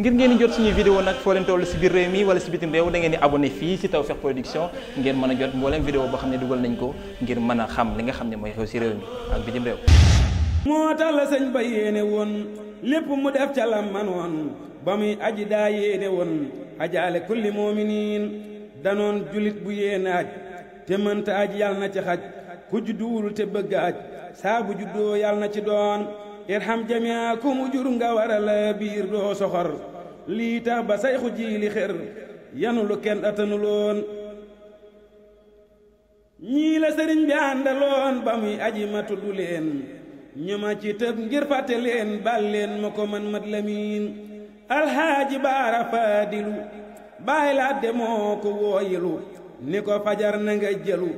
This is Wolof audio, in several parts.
ngir ngeen jot suñu vidéo nag foo leen toll si biir réew mi wala si bitim réew da ngeen di abonné fii si Tawfekh Production ngeen mën a jot mboolem vidéo boo xam ne dugal nañ ko ngir mën a xam li nga xam ne mooy xew si réew mi ak bitim réew. moo tax la sëñ ba yéene woon lépp mu def ca la man woon ba muy aji daa yéene woon ajaale kulli moominiin danoon julit bu yéene aj te mënta aj yàlla na ci xaj ku judduwul te bëgg aj saa bu juddoo yàlla na ci doon irham jamia ku mu jur nga waral biir doo soxor lii tax ba sayxu jiili xër yanu lu kenn atanuloon ñii la sëriñ bi àndaloon ba muy aji ma tudd leen ñu ma ci tëb ngir fàtte leen bal leen ma ko man mat lamiin alxaaji baara faadilu bàyyi laa demoo ko wooyilu ni ko fajar na nga jëlu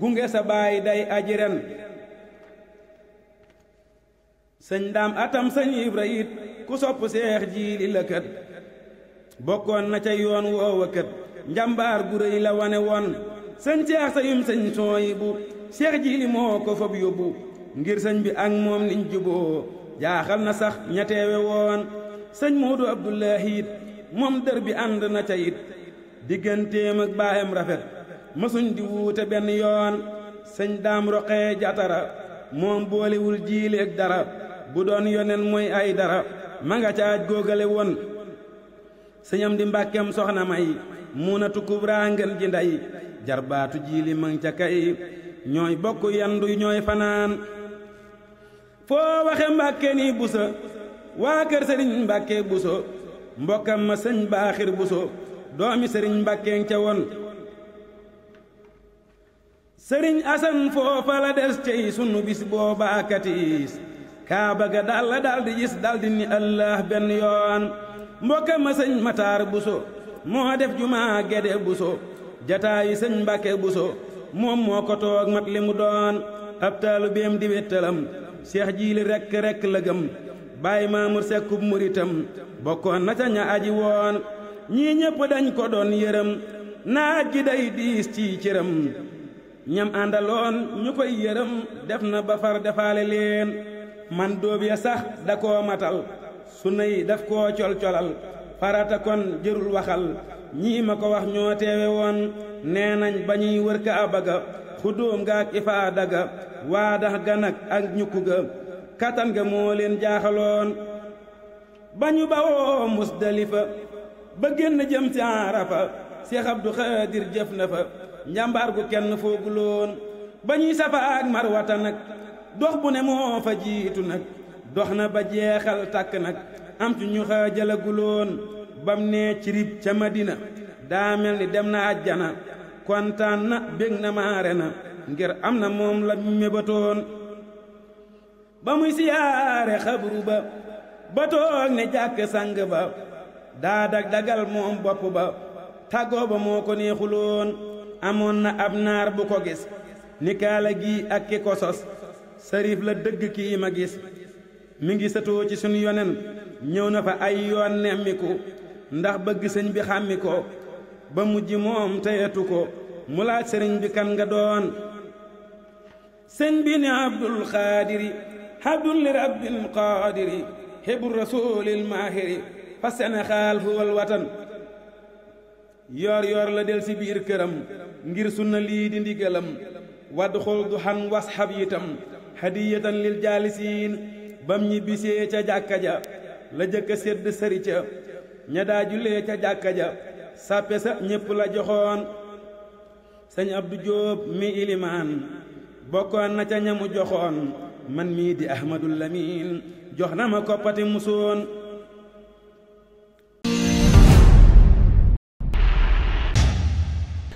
gunge sa baay day aji ren atam sëñ ibra ku sopp seex jiili lëkkat bokkoon na ca yoon woowa kët njàmbaar gu rëy la wane woon sëñ Seex Sayum sëñ bu Seex Jiili moo ko fab yóbbu ngir sëñ bi ak moom liñ juboo jaaxal na sax ña teewe woon sëñ Moodu Abdullahi it moom dër bi ànd na ca it digganteem ak baayam rafet mësuñ di wuute benn yoon sëñ daam roqee jatara moom boolewul jiili dara bu doon yonen mooy ay dara ma nga caaj góogale woon sëñam di mbàkkem soxna may muunatu kubraa ngeen ji ndey jarbaatu jiili ca kay ñooy bokk yandu ñooy fanaan foo waxe mbàkke nii busa waa kër sëriñ mbàkke buso mbokkam ma sëñ baaxir buso doomi sëriñ mbàkkeen ca woon sëriñ asan foofa la des cey sunu bis booba katiis kaaba ga dal la dal di ni allah benn yoon mbokka ma sëñ mataar buso moo def jumaa gede buso jataayu sëñ mbàkke buso moom moo ko toog mat li mu doon ab taalibeem di wettalam seex jiili rekk rekk la gëm bàyyi sekkub muritam bokkoon na ca aji woon ñii ñépp dañ ko doon yërëm naaj gi day diis ci cëram ñam àndaloon ñu koy yërëm def na ba far defaale leen man dóob sax da koo matal su yi daf koo col-colal farata kon jërul waxal ñii ma ko wax ñoo teewe woon nee nañ ba ñuy wër ka abaga xudóom nga ak ifaada ga waadax ga nag ak ñukku ga katan ga moo leen jaaxaloon ba ñu bawoo musdalifa ba génn jëm ci arafa seex abdu xaadir jëf na fa njàmbaar gu kenn fooguloon ba ñuy safa ak marwata nag dox bu ne moo fa jiitu nag dox na ba jeexal tàkk nag am ci bam nee ci rib ca madina daa mel ni dem na àjjana kontaan na bég na maare na ngir am na moom la mébatoon ba muy siyaare xabru ba ba toog ne jàkk sang ba daa dagal moom bopp ba tàggoo ba mooko ko neexuloon amoon na ab naar bu ko gis ni kaala gi ak ko sos sarif la dëgg kii ma gis mi ngi satoo ci sunu yonen ñëw na fa ay yoon nemmiku ndax bëgg sëñ bi xàmmi ko ba mu ji moom teyatu ko mu laaj sëriñ bi kan nga doon sëñ bi ne abdul xaadiri habdun li rabbin qaadiri hibu maahiri fa Sénégal fu wal watan yoor yoor la del si biir këram ngir sunna lii di ndigalam wadd xul du xan wasxab yitam hadiyatan lil jaalisiin bam ñibbisee ca jàkka ja la jëkk a sédd sëri ca ña daa jullee ca jàkka ja sàppe sa ñépp la joxoon sëñ Abdu mi ilimaan bokkoon na ca ñamu joxoon man mii di Ahmadul Lamin jox na ma koppati musoon